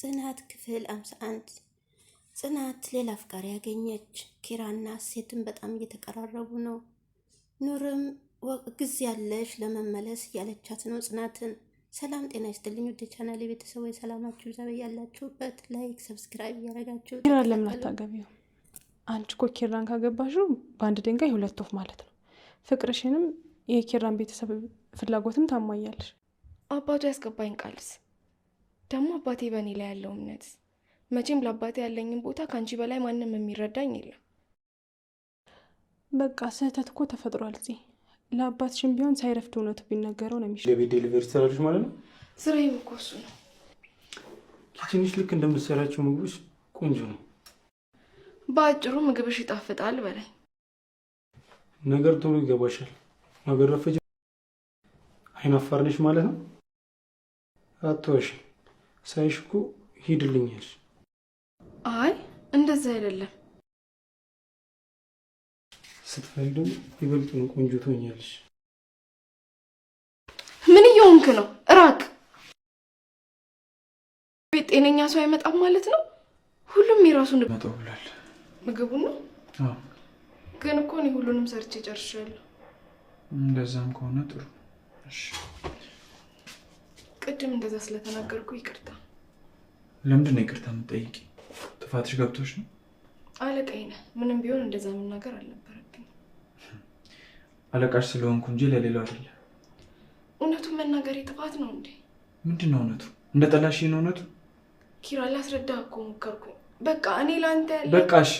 ጽናት ክፍል 51 ጽናት ሌላ አፍቃሪ ያገኘች። ኪራና ሴትን በጣም እየተቀራረቡ ነው። ኑርም ጊዜ ያለሽ ለመመለስ እያለቻት ነው ጽናትን። ሰላም ጤና ይስጥልኝ ውድ ቻናል የቤተሰቦች የሰላማችሁ ዘበ ያላችሁበት፣ ላይክ ሰብስክራይብ እያደረጋችሁ ኪራ ለምን አታገቢው? አንቺ እኮ ኪራን ካገባሹ በአንድ ድንጋይ ሁለት ወፍ ማለት ነው። ፍቅርሽንም የኪራን ቤተሰብ ፍላጎትም ታሟያለሽ። አባቱ ያስገባኝ ቃልስ ደግሞ አባቴ በእኔ ላይ ያለው እምነት መቼም ለአባቴ ያለኝን ቦታ ከአንቺ በላይ ማንም የሚረዳኝ የለም። በቃ ስህተት እኮ ተፈጥሯል። እዚህ ለአባትሽም ቢሆን ሳይረፍድ እውነቱ ቢነገረው ነው የሚሻለው። የቤት ዴሊቨሪ ትሰራለች ማለት ነው። ስራዬም እኮ እሱ ነው። ትንሽ ልክ እንደምትሰራቸው ምግቦች ቆንጆ ነው። በአጭሩ ምግብሽ ይጣፍጣል በላይ ነገር ቶሎ ይገባሻል። ነገር ረፈጅ አይናፋርነሽ ማለት ነው። አትዋሽም ሳይሽኩ እኮ ሂድልኛል። አይ እንደዛ አይደለም። ስትፈሪ ደግሞ ቆንጆ ትሆኛለሽ። ምን እየሆንክ ነው? ራቅ። ቤት ጤነኛ ሰው አይመጣም ማለት ነው። ሁሉም የራሱን መጣው ብሏል። ምግቡ ነው ግን እኮ እኔ ሁሉንም ሰርቼ ጨርሻለሁ። እንደዛም ከሆነ ጥሩ እሺ። ቅድም እንደዛ ስለተናገርኩ ይቅርታ። ለምንድን ነው ይቅርታ የምትጠይቂ? ጥፋትሽ ገብቶሽ ነው? አለቃዬ ነህ። ምንም ቢሆን እንደዛ መናገር አልነበረብኝ። አለቃሽ ስለሆንኩ እንጂ ለሌላው አይደለም። እውነቱን መናገር ጥፋት ነው እንዴ? ምንድን ነው እውነቱ? እንደ ጠላሽ ነው እውነቱ? ኪራ ላስረዳ እኮ ሞከርኩ። በቃ እኔ ለአንተ በቃሽ።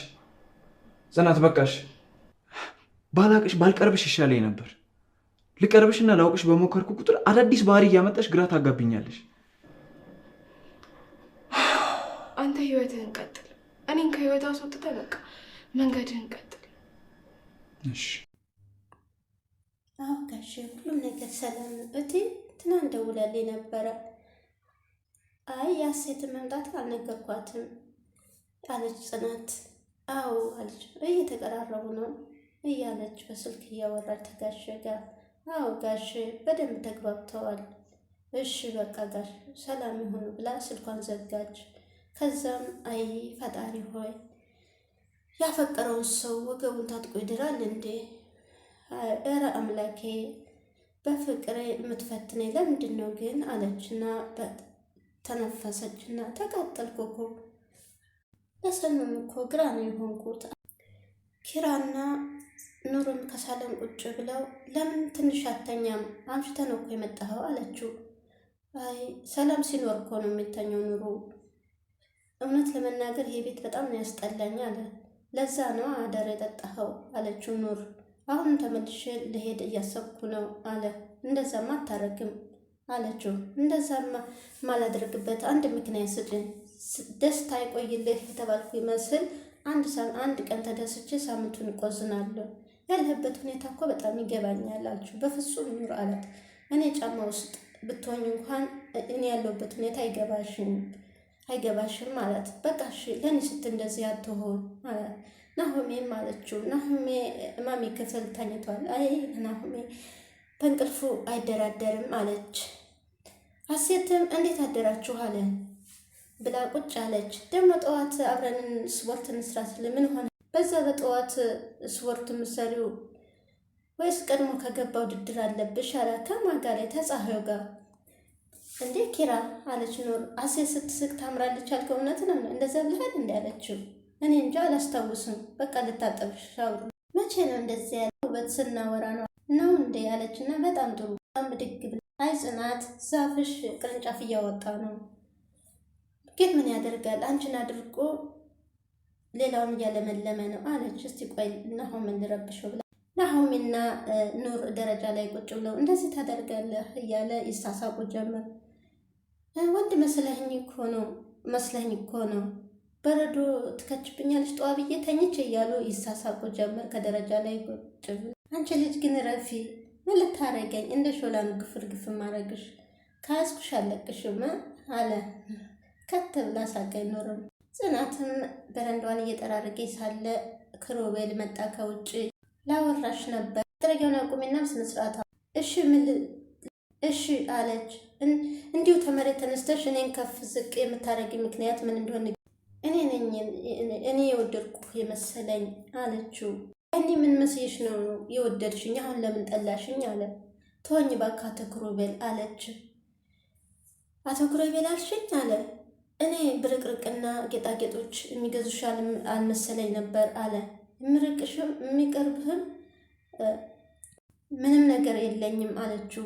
ጽናት በቃሽ። ባላቅሽ ባልቀርብሽ ይሻለኝ ነበር። ልቀርብሽና ላውቅሽ በሞከርኩ ቁጥር አዳዲስ ባህሪ እያመጣሽ ግራ ታጋብኛለሽ። አንተ ህይወትህን ቀጥል፣ እኔን ከህይወት አስወጥተህ በቃ መንገድህን ቀጥል። እሺ ጋሽ፣ ሁሉም ነገር ሰላም እቴ። ትናንት ደውላልኝ ነበረ። አይ የሀሴትን መምጣት አልነገርኳትም አለች ጽናት። አዎ አለች፣ እየተቀራረቡ ነው እያለች በስልክ እያወራች ተጋሸ ጋር አዎ ጋሽ በደንብ ተግባብተዋል። እሺ በቃ ጋሽ ሰላም ይሁን ብላ ስልኳን ዘጋች። ከዛም አይ ፈጣሪ ሆይ ያፈቀረውን ሰው ወገቡን ታጥቆ ይድራል እንዴ? እረ አምላኬ በፍቅሬ የምትፈትነኝ ለምንድን ነው ግን አለችና ተነፈሰችና ተቃጠልኩ እኮ ለሰምም እኮ ግራ ነው የሆንኩት ኪራና ኑሩን ከሳሎን ቁጭ ብለው ለምን ትንሽ አተኛም? አምሽተ ነው እኮ የመጣኸው አለችው። አይ ሰላም ሲኖር እኮ ነው የሚተኘው ኑሩ። እውነት ለመናገር ይሄ ቤት በጣም ነው ያስጠላኝ አለ። ለዛ ነው አደር የጠጣኸው አለችው ኑር። አሁን ተመልሼ ልሄድ እያሰብኩ ነው አለ። እንደዛማ አታረግም አለችው። እንደዛማ ማላደርግበት አንድ ምክንያት ስጭኝ፣ ደስታ ይቆይልህ የተባልኩ ይመስል አንድ ቀን ተደስቼ ሳምንቱን እቆዝናለሁ። ያለህበት ሁኔታ እኮ በጣም ይገባኛል አለችው። በፍጹም ኑር አላት። እኔ ጫማ ውስጥ ብትሆኝ እንኳን እኔ ያለሁበት ሁኔታ አይገባሽም አይገባሽም ማለት በቃ እሺ፣ ለእኔ ስት እንደዚህ አትሆን ማለት ናሆሜም አለችው። ናሆሜ እማሚ ክፍል ተኝቷል። አይ ናሆሜ በእንቅልፉ አይደራደርም አለች። አሴትም እንዴት አደራችሁ ብላ ቁጭ አለች። ደግሞ ጠዋት አብረን ስፖርት እንስራ ስል ምን ሆነ? በዛ በጠዋት ስፖርት ምሰሪው ወይስ ቀድሞ ከገባ ውድድር አለብሽ አላት። ከማን ጋር? ተፀሐዩ ጋር። እንዴ ኪራ አለች ኖር። አሴ ስትስቅ ታምራለች አልከው። እውነት ነው እንደዛ ብለሃል? እንዲ አለችው። እኔ እንጃ አላስታውስም። በቃ ልታጠብሽ ሻውሩ። መቼ ነው እንደዚያ ያለ ውበት ስናወራ ነው ነው እንደ አለች እና በጣም ጥሩ ብድግ ብላ አይ ጽናት ዛፍሽ ቅርንጫፍ እያወጣ ነው ግን ምን ያደርጋል አንቺን አድርጎ ሌላውን እያለመለመ ነው አለች። እስቲ ቆይ ናሆም ልረብሸው ብላ ናሆምና ኑር ደረጃ ላይ ቁጭ ብለው እንደዚህ ታደርጋለህ እያለ ይሳሳቁ ጀመር። ወንድ መስለኝ እኮ ነው መስለህኝ እኮ ነው በረዶ ትከችብኛለች ጠዋ ብዬ ተኝቼ እያሉ ይሳሳቁ ጀመር። ከደረጃ ላይ ቁጭ ብለው አንቺ ልጅ ግን ረፊ ምን ልታረገኝ እንደ ሾላን ግፍር ግፍ ማረግሽ ከያዝኩሽ አለቅሽም አለ ከት ብላ ሳቅ አይኖርም። ጽናትም በረንዳዋን እየጠራረገ ሳለ ክሮቤል መጣ ከውጭ ላወራሽ ነበር። ጥረጊውን አቁሚና ስነስርዓት እሺ ምል እሺ አለች። እንዲሁ ተመሬት ተነስተሽ እኔን ከፍ ዝቅ የምታደረግ ምክንያት ምን እንደሆነ እኔ ነኝ እኔ የወደድኩ የመሰለኝ አለችው። እኔ ምን መስየሽ ነው የወደድሽኝ? አሁን ለምን ጠላሽኝ? አለ ተወኝ ባካ አቶ ክሮቤል አለች። አቶ ክሮቤል አልሽኝ አለ እኔ ብርቅርቅና ጌጣጌጦች የሚገዙሽ አልመሰለኝ ነበር አለ። የምርቅሽም የሚቀርብህም ምንም ነገር የለኝም አለችው።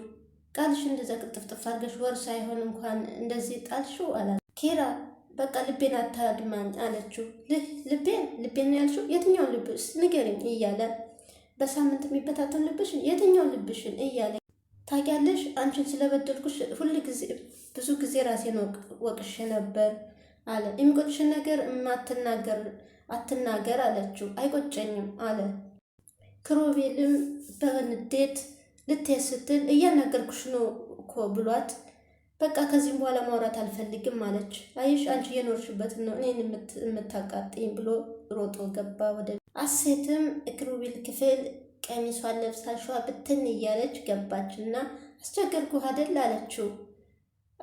ቃልሽ እንደዛ ቅጥፍጥፍ አድርገሽ ወር ሳይሆን እንኳን እንደዚህ ጣልሽው አለ ኬራ በቃ ልቤን አታድማኝ አለችው። ልቤን ልቤን ነው ያልሽው? የትኛውን ልብስ ንገርኝ እያለ በሳምንት የሚበታተን ልብሽን የትኛውን ልብሽን እያለ ታውቂያለሽ፣ አንቺን ስለበደልኩሽ ሁል ጊዜ ብዙ ጊዜ ራሴን ወቅሽ ነበር አለ። የሚቆጭሽን ነገር ማትናገር አትናገር አለችው። አይቆጨኝም አለ። ክሮቤልም በንዴት ልትሄድ ስትል እያናገርኩሽ ነው እኮ ብሏት፣ በቃ ከዚህም በኋላ ማውራት አልፈልግም አለች። አይሽ አንቺ እየኖርሽበትን ነው እኔን የምታቃጥኝ ብሎ ሮጦ ገባ ወደ አሴትም ክሮቤል ክፍል ቀሚሷን ለብሳ ሸዋ ብትን እያለች ገባች እና አስቸገርኩህ አይደል አለችው።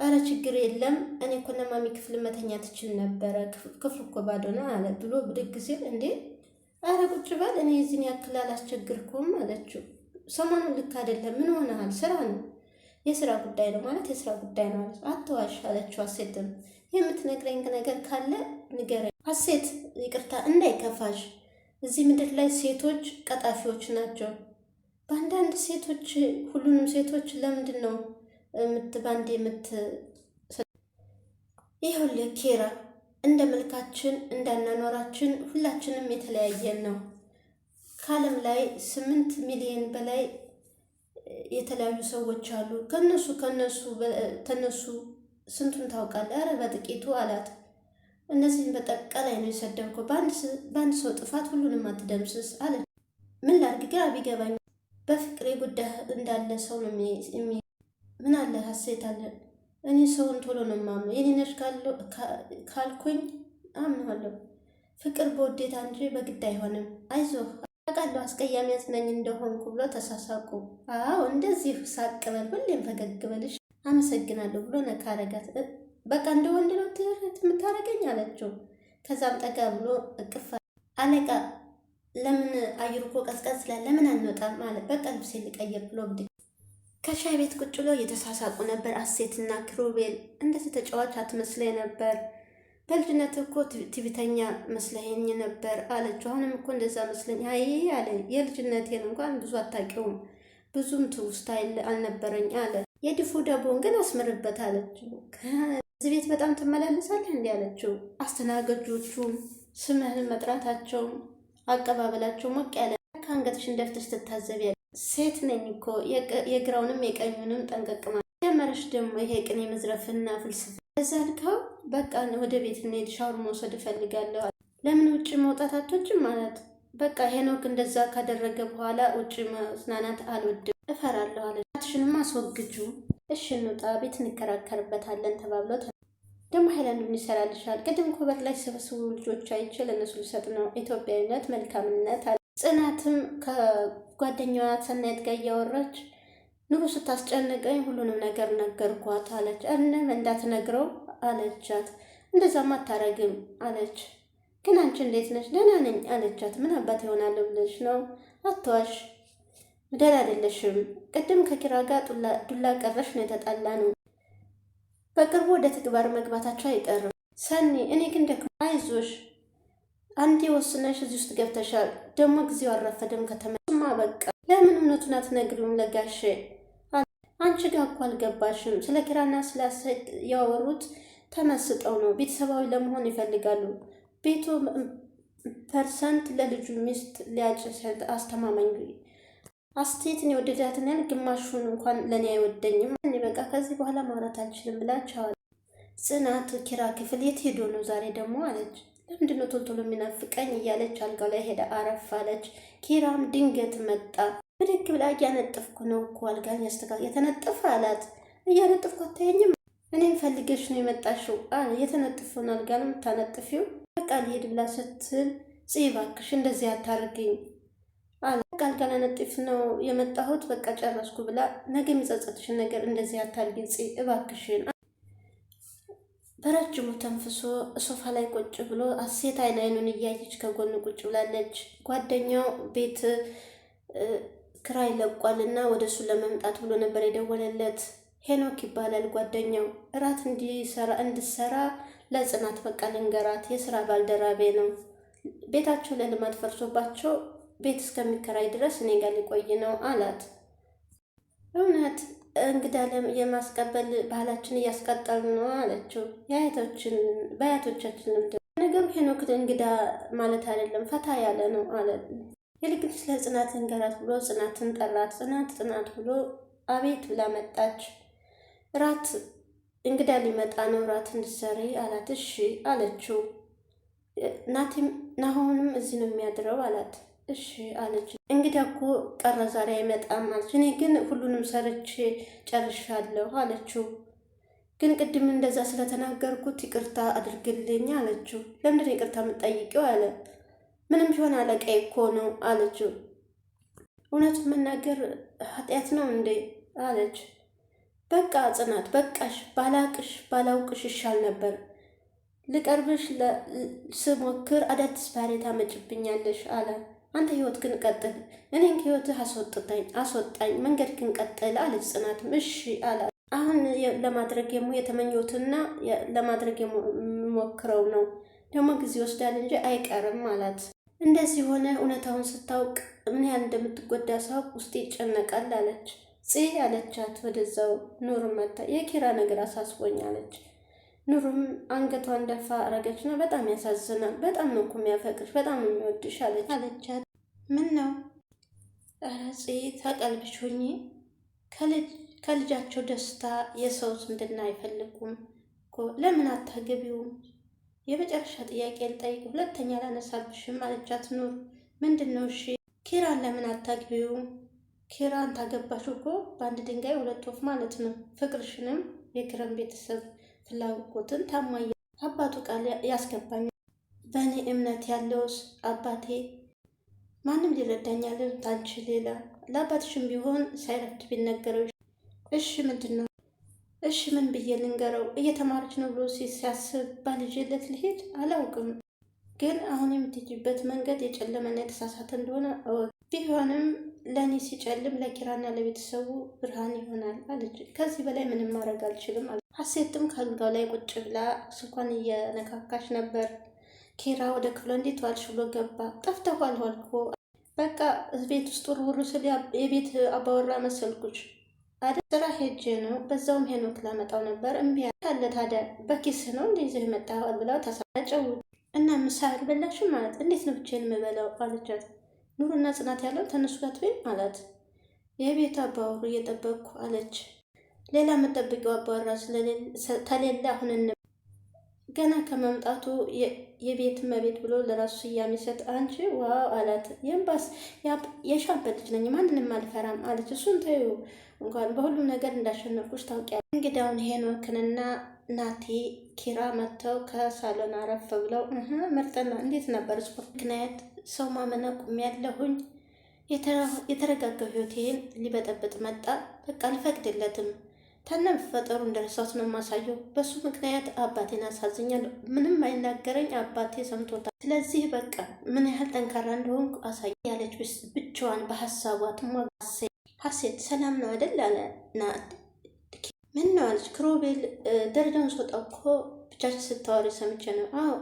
አረ ችግር የለም እኔ እኮ ለማሚ ክፍል መተኛ ትችል ነበረ፣ ክፍል እኮ ባዶ ነው አለ ብሎ ብድግ ሲል እንዴ አረ ቁጭ በል እኔ የዚህን ያክል አላስቸግርኩም አለችው። ሰሞኑን ልክ አይደለም ምን ሆነሃል? ስራ ነው የስራ ጉዳይ ነው ማለት የስራ ጉዳይ ነው አለች። አትዋሽ አለችው። አሴትም የምትነግረኝ ነገር ካለ ንገረኝ። አሴት ይቅርታ እንዳይከፋሽ፣ እዚህ ምድር ላይ ሴቶች ቀጣፊዎች ናቸው። በአንዳንድ ሴቶች ሁሉንም ሴቶች ለምንድን ነው የምትባንድ የምት ይኸውልህ ኬራ፣ እንደ መልካችን እንዳናኖራችን ሁላችንም የተለያየን ነው። ከዓለም ላይ ስምንት ሚሊዮን በላይ የተለያዩ ሰዎች አሉ። ከነሱ ከነሱ ተነሱ ስንቱን ታውቃለህ? ኧረ በጥቂቱ አላት። እነዚህን በጠቃላይ ነው የሰደብከው። በአንድ ሰው ጥፋት ሁሉንም አትደምስስ አለ። ምን ላድርግ ግራ ቢገባኝ፣ በፍቅሬ ጉዳይ እንዳለ ሰው ነው የሚ ምን አለ ሀሴት አለ። እኔ ሰውን ቶሎ ነው የማምነው። የኔ ነሽ ካልኩኝ አምነዋለሁ። ፍቅር በውዴታ እንጂ በግድ አይሆንም። አይዞህ አውቃለሁ አስቀያሚ አዝናኝ እንደሆንኩ ብሎ ተሳሳቁ። አዎ እንደዚህ ሳቅ በል፣ ሁሌም ፈገግ በልሽ፣ አመሰግናለሁ ብሎ ነካ አረጋት። በቃ እንደ ወንድ ነው የምታረገኝ አለችው። ከዛም ጠጋ ብሎ እቅፍ አለቃ ለምን አየሩ እኮ ቀዝቀዝ ስላለ ለምን አንወጣም አለ። በቃ ልብሴ ልቀየር ብሎ ብድግ ከሻይ ቤት ቁጭ ብሎ እየተሳሳቁ ነበር። አሴትና ክሩቤል እንደዚህ ተጫዋች አትመስለኝ ነበር፣ በልጅነት እኮ ትቢተኛ መስለኝ ነበር አለችው። አሁንም እኮ እንደዛ መስለኝ አይ አለ። የልጅነቴን እንኳን ብዙ አታውቂውም፣ ብዙም ትውስታ አልነበረኝ አለ። የድፉ ዳቦን ግን አስምርበት አለችው። ከዚህ ቤት በጣም ትመላለሳለህ እንዲህ አለችው። አስተናገጆቹም ስምህን መጥራታቸውም አቀባበላቸው ሞቅ ያለ ከአንገትሽ እንደፍትሽ ትታዘብ ሴት ነኝ እኮ የግራውንም የቀኙንም ጠንቀቅማ ጀመረሽ። ደግሞ ይሄ ቅኔ መዝረፍና ፍልስፍና በዛ በቃ ወደ ቤት እንሄድ፣ ሻወር መውሰድ እፈልጋለሁ። ለምን ውጭ መውጣት አትወጭም? ማለት በቃ ሄኖክ እንደዛ ካደረገ በኋላ ውጭ መዝናናት አልወድም፣ እፈራለሁ አለ። ትሽንም አስወግጁ። እሽ እንውጣ፣ ቤት እንከራከርበታለን ተባብለው ደግሞ ሀይላንዱ ይሰራልሻል። ቅድም ኮበር ላይ ስብስቡ ልጆች አይችል እነሱ ልሰጥ ነው ኢትዮጵያዊነት መልካምነት ጽናትም ጓደኛዋ ሰናይት ጋር እያወራች ኑሮ ስታስጨንቀኝ ሁሉንም ነገር ነገርኳት አለች። እንም እንዳትነግረው አለቻት። እንደዛም አታረግም አለች። ግን አንቺ እንዴት ነሽ? ደህና ነኝ አለቻት። ምን አባት ይሆናል ብለሽ ነው? አትዋሽ፣ ደህና አይደለሽም። ቅድም ከኪራ ጋር ዱላ ቀረሽ ነው የተጣላ ነው። በቅርቡ ወደ ተግባር መግባታቸው አይቀርም። ሰኒ፣ እኔ ግን ደግሞ አይዞሽ፣ አንዴ ወስነሽ እዚህ ውስጥ ገብተሻል። ደግሞ ጊዜው አልረፈደም ከተመ በቃ ለምን እውነቱን አትነግሪውም ለጋሼ? አንቺ ጋር እኮ አልገባሽም። ስለ ኪራና ስለ ያወሩት ተመስጠው ነው። ቤተሰባዊ ለመሆን ይፈልጋሉ። ቤቱ ፐርሰንት ለልጁ ሚስት ሊያጭሰት አስተማማኝ አስቴትን የወደዳትን ያህል ግማሹን እንኳን ለእኔ አይወደኝም። እኔ በቃ ከዚህ በኋላ ማውራት አልችልም ብላቸዋል። ጽናት ኪራ ክፍል የት ሄዶ ነው ዛሬ ደግሞ አለች። ለምንድን ነው ቶሎ ቶሎ የሚናፍቀኝ እያለች አልጋው ላይ ሄደ አረፍ አለች። ኪራም ድንገት መጣ። ብድግ ብላ እያነጠፍኩ ነው እኮ አልጋን ያስተካክል የተነጠፈ አላት። እያነጠፍኩ አታየኝም? እኔም ፈልገሽ ነው የመጣሽው አለ። አልጋ ነው የምታነጥፊው በቃ ልሄድ ብላ ስትል ጽይ እባክሽ እንደዚህ አታርግኝ አለ። በቃ ነው የመጣሁት በቃ ጨረስኩ ብላ ነገ የሚጸጸትሽን ነገር እንደዚህ አታርግኝ ጽይ እባክሽን በረጅሙ ተንፍሶ ሶፋ ላይ ቁጭ ብሎ ሴት አይን አይኑን እያየች ከጎን ቁጭ ብላለች። ጓደኛው ቤት ክራይ ለቋልና ወደ እሱ ለመምጣት ብሎ ነበር የደወለለት። ሄኖክ ይባላል ጓደኛው። እራት እንድሰራ ለጽናት በቃ ልንገራት፣ የስራ ባልደራቤ ነው። ቤታቸው ለልማት ፈርሶባቸው ቤት እስከሚከራይ ድረስ እኔ ጋር ሊቆይ ነው አላት። እውነት እንግዳ የማስቀበል ባህላችን እያስቀጠሉ ነው አለችው። በአያቶቻችን ልምድ ነገሩ ሄኖክን እንግዳ ማለት አይደለም ፈታ ያለ ነው አለ። ይልቅም ስለ ጽናት እንገራት ብሎ ጽናትን ጠራት። ጽናት ጽናት ብሎ አቤት ብላ መጣች። ራት እንግዳ ሊመጣ ነው ራት እንድትሰሪ አላት። እሺ አለችው። ናሆንም እዚህ ነው የሚያድረው አላት። እሺ አለች። እንግዲህ እኮ ቀረ ዛሬ አይመጣም አለች። እኔ ግን ሁሉንም ሰርቼ ጨርሻለሁ አለችው። ግን ቅድም እንደዛ ስለተናገርኩት ይቅርታ አድርግልኝ አለችው። ለምንድን ይቅርታ የምጠይቀው አለ። ምንም ቢሆን አለቃዬ እኮ ነው አለችው። እውነቱን መናገር ኃጢአት ነው እንዴ አለች። በቃ ጽናት በቃሽ፣ ባላቅሽ ባላውቅሽ ይሻል ነበር ልቀርብሽ ስሞክር አዳዲስ ባህሪ ታመጭብኛለሽ አለ። አንተ ህይወት ግን ቀጥል፣ እኔን ከህይወትህ አስወጥታኝ አስወጣኝ፣ መንገድ ግን ቀጥል አለች ጽናትም እሺ አላት። አሁን ለማድረግ የሞ የተመኘሁትና ለማድረግ የምሞክረው ነው ደግሞ ጊዜ ይወስዳል እንጂ አይቀርም አላት። እንደዚህ ሆነ እውነታውን ስታውቅ ምን ያህል እንደምትጎዳ ሳውቅ ውስጥ ይጨነቃል አለች። ጽ አለቻት። ወደዛው ኑር መታ የኪራ ነገር አሳስቦኝ አለች። ኑሩም አንገቷን ደፋ ነው በጣም ያሳዝናል። በጣም ነው እኮ የሚያፈቅርሽ በጣም የሚወድሽ አለች አለቻት። ምን ነው ረጽ ተቀልብሽ ከልጃቸው ደስታ የሰው ዝምድና አይፈልጉም እኮ ለምን አታገቢውም? የመጨረሻ ጥያቄ ልጠይቅ፣ ሁለተኛ ላነሳብሽም አለቻት ኑር። ምንድን ነው እሺ? ኪራን ለምን አታግቢውም? ኪራን ታገባሽ እኮ በአንድ ድንጋይ ሁለት ወፍ ማለት ነው። ፍቅርሽንም የኪራን ቤተሰብ ፍላጎትን ታሟያ አባቱ ቃል ያስገባኛል። በእኔ እምነት ያለውስ አባቴ ማንም ሊረዳኛል ታች ሌላ ለአባትሽም ቢሆን ሳይረድ ቢነገረው እሺ ምንድን ነው እሺ ምን ብዬ ልንገረው? እየተማረች ነው ብሎ ሲያስብ ባልጅለት ልሄድ አላውቅም፣ ግን አሁን የምትሄጂበት መንገድ የጨለመና የተሳሳተ እንደሆነ እወቅ። ቢሆንም ለእኔ ሲጨልም ለኪራና ለቤተሰቡ ብርሃን ይሆናል አለች። ከዚህ በላይ ምንም ማድረግ አልችልም አለ። ሀሴትም ከአልጋው ላይ ቁጭ ብላ ስልኳን እየነካካች ነበር። ኪራ ወደ ክፍሎ እንዴት ዋልሽ ብሎ ገባ። ጠፍተህ ዋልኮ በቃ ቤት ውስጥ ውርውር ስል የቤት አባወራ መሰልኩች አደ ስራ ሄጄ ነው። በዛውም ሄኖክ ላመጣው ነበር እምቢ አለ። ታዲያ በኪስ ነው እንደዚህ መጣ ብለው ተሳጨው እና ምሳ አልበላሽም ማለት እንዴት ነው ብቻዬን የምበላው አለቻት። ኑሩና ጽናት ያለው ተነሱ ጋትቤ አላት። የቤት አባወሩ እየጠበቅኩ አለች። ሌላ የምጠብቂው አባወራ ስለሌለ ከሌለ አሁን ገና ከመምጣቱ የቤት መቤት ብሎ ለራሱ ስያሜ ሰጥ አንቺ ዋው አላት። የምባስ የሻበት ልጅ ነኝ ማንንም አልፈራም አለች። እሱን ተዩ እንኳን በሁሉም ነገር እንዳሸነፍኩሽ ታውቂያለሽ። እንግዳውን ሄኖክንና ናቲ ኪራ መጥተው ከሳሎን አረፍ ብለው ምርጥና እንዴት ነበር ስፖርት ምክንያት ሰው ማመና ቁም ያለሁኝ የተረጋጋው ይህን ሊበጠብጥ መጣ። በቃ አልፈቅድለትም ከነ መፈጠሩ እንደረሳት ነው የማሳየው። በሱ ምክንያት አባቴን አሳዝኛለሁ። ምንም አይናገረኝ አባቴ ሰምቶታል። ስለዚህ በቃ ምን ያህል ጠንካራ እንደሆንኩ አሳየ ያለች ብቻዋን በሀሳቧ ትሟ ሀሴት ሰላም ነው አይደል አለ ናት። ምን ነው አለች ክሮቤል። ደረጃውን ስወጣ እኮ ብቻችን ስታወሪ ሰምቼ ነው። አዎ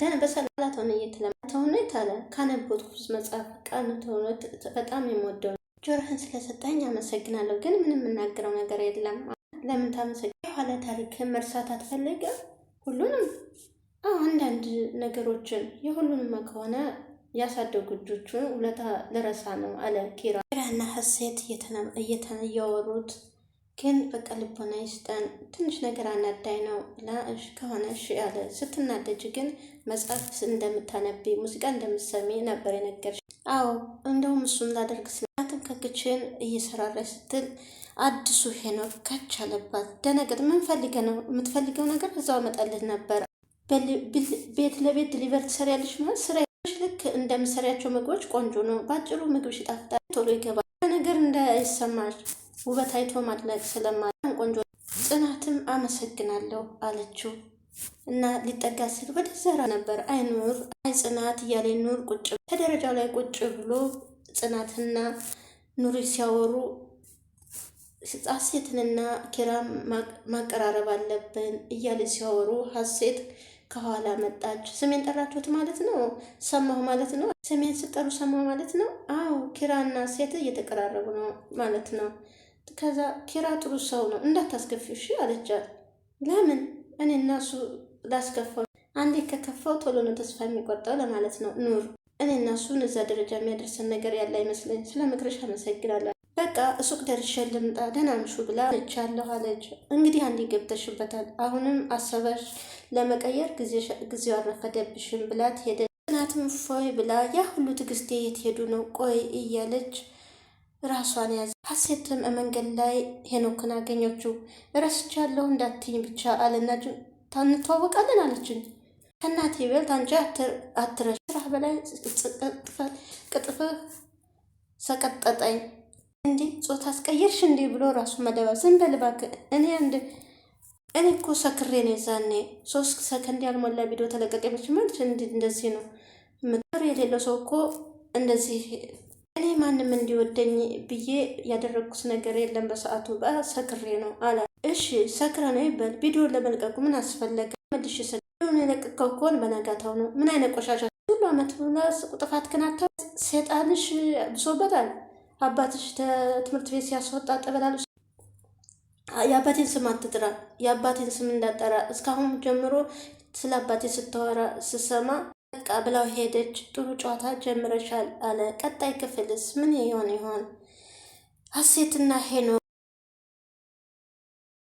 ደህና በሰላም ላተሆነ እየተለማ ተሆነ ካነቦት ካነበብኩት መጽሐፍ ቃል ተሆነ በጣም የምወደው ጆሮህን ስለሰጠኝ አመሰግናለሁ፣ ግን ምንም የምናገረው ነገር የለም። ለምን ታመሰግ የኋላ ታሪክ መርሳት አትፈልግም? ሁሉንም አንዳንድ ነገሮችን የሁሉንም ከሆነ ያሳደጉ እጆቹን ውለታ ልረሳ ነው አለ ኪራ። ኪራና ሀሴት እየተያወሩት ግን በቃ ልቦና ይስጠን ትንሽ ነገር አናዳይ ነው ብላ እሺ ከሆነ እሺ አለ። ስትናደጅ ግን መጽሐፍ እንደምታነቢ ሙዚቃ እንደምትሰሚ ነበር የነገርሽ። አዎ እንደውም እሱም ላደርግ ስራክችን እየሰራለች ስትል አዲሱ ሄኖክ ከች አለባት። ደነገጥ። ምን ፈልገህ ነው? የምትፈልገው ነገር እዛው አመጣልህ ነበር። ቤት ለቤት ዲሊቨር ትሰሪያለሽ ማለት ስራ ልክ እንደምሰሪያቸው ምግቦች ቆንጆ ነው። በአጭሩ ምግብሽ ይጣፍጣል፣ ቶሎ ይገባል። ነገር እንዳይሰማሽ ውበት አይቶ ማድነቅ ስለማን ቆንጆ ጽናትም አመሰግናለሁ አለችው እና ሊጠጋ ስል ወደ ዘራ ነበር። አይ ኑር፣ አይ ጽናት እያለ ኑር ቁጭ ተደረጃው ላይ ቁጭ ብሎ ጽናትና ኑሪ ሲያወሩ ሀሴትንና ኪራን ማቀራረብ አለብን እያለ ሲያወሩ ሀሴት ከኋላ መጣች። ስሜን ጠራችሁት ማለት ነው? ሰማሁ ማለት ነው? ስሜን ስጠሩ ሰማሁ ማለት ነው? አዎ ኪራና ሴት እየተቀራረቡ ነው ማለት ነው። ከዛ ኪራ ጥሩ ሰው ነው እንዳታስከፊ እሺ አለቻት። ለምን እኔ እና እሱ ላስከፋው? አንዴ ከከፋው ቶሎ ነው ተስፋ የሚቆርጠው ለማለት ነው ኑር እኔ እና እሱን እዛ ደረጃ የሚያደርሰን ነገር ያለ አይመስለኝ። ስለ ምክርሽ አመሰግናለሁ። በቃ እሱቅ ደርሼ ልምጣ፣ ደናምሹ ብላ ልቻለሁ አለች። እንግዲህ አንዴ ገብተሽበታል፣ አሁንም አሰበሽ ለመቀየር ጊዜው አረፈደብሽም ብላት ሄደ። ጽናትም ፎይ ብላ ያ ሁሉ ትዕግስቴ የት ሄዱ ነው ቆይ እያለች ራሷን ያዘ። ሀሴትም መንገድ ላይ ሄኖክን አገኘችው። እረስቻለሁ እንዳትኝ ብቻ አለና ታንተዋወቃለን አለችኝ። ከእናቴ ይበልጥ አንቺ አትረ በላይ ቅጥፍህ ሰቀጠጠኝ። እንዲህ ጾታ አስቀየርሽ እንዲህ ብሎ ራሱ መደባ ዝም በል እባክህ። እኔ አንድ እኔ እኮ ሰክሬ ነው የዛኔ ሶስት ሰከንድ ያልሞላ ቪዲዮ ተለቀቀ። መችመል እንደዚህ ነው ምር የሌለው ሰው እኮ እንደዚህ እኔ ማንም እንዲወደኝ ብዬ ያደረግኩት ነገር የለም። በሰዓቱ ሰክሬ ነው አላ። እሺ ሰክረ ነው ይበል። ቪዲዮ ለመልቀቁ ምን አስፈለገ? መልሽ ሰ ለቅቀው ከሆን በነጋታው ነው። ምን አይነት ቆሻሻ ዓመት ምናስ ጥፋት ክናታ ሰይጣንሽ ብሶበታል። አባትሽ ትምህርት ቤት ሲያስወጣ ጠበላልሽ የአባቴን ስም አትጥራ፣ የአባቴን ስም እንዳጠራ እስካሁን ጀምሮ ስለ አባቴ ስታወራ ስሰማ በቃ ብላው ሄደች። ጥሩ ጨዋታ ጀምረሻል አለ። ቀጣይ ክፍልስ ምን ይሆን ይሆን? ሀሴትና ሄኖ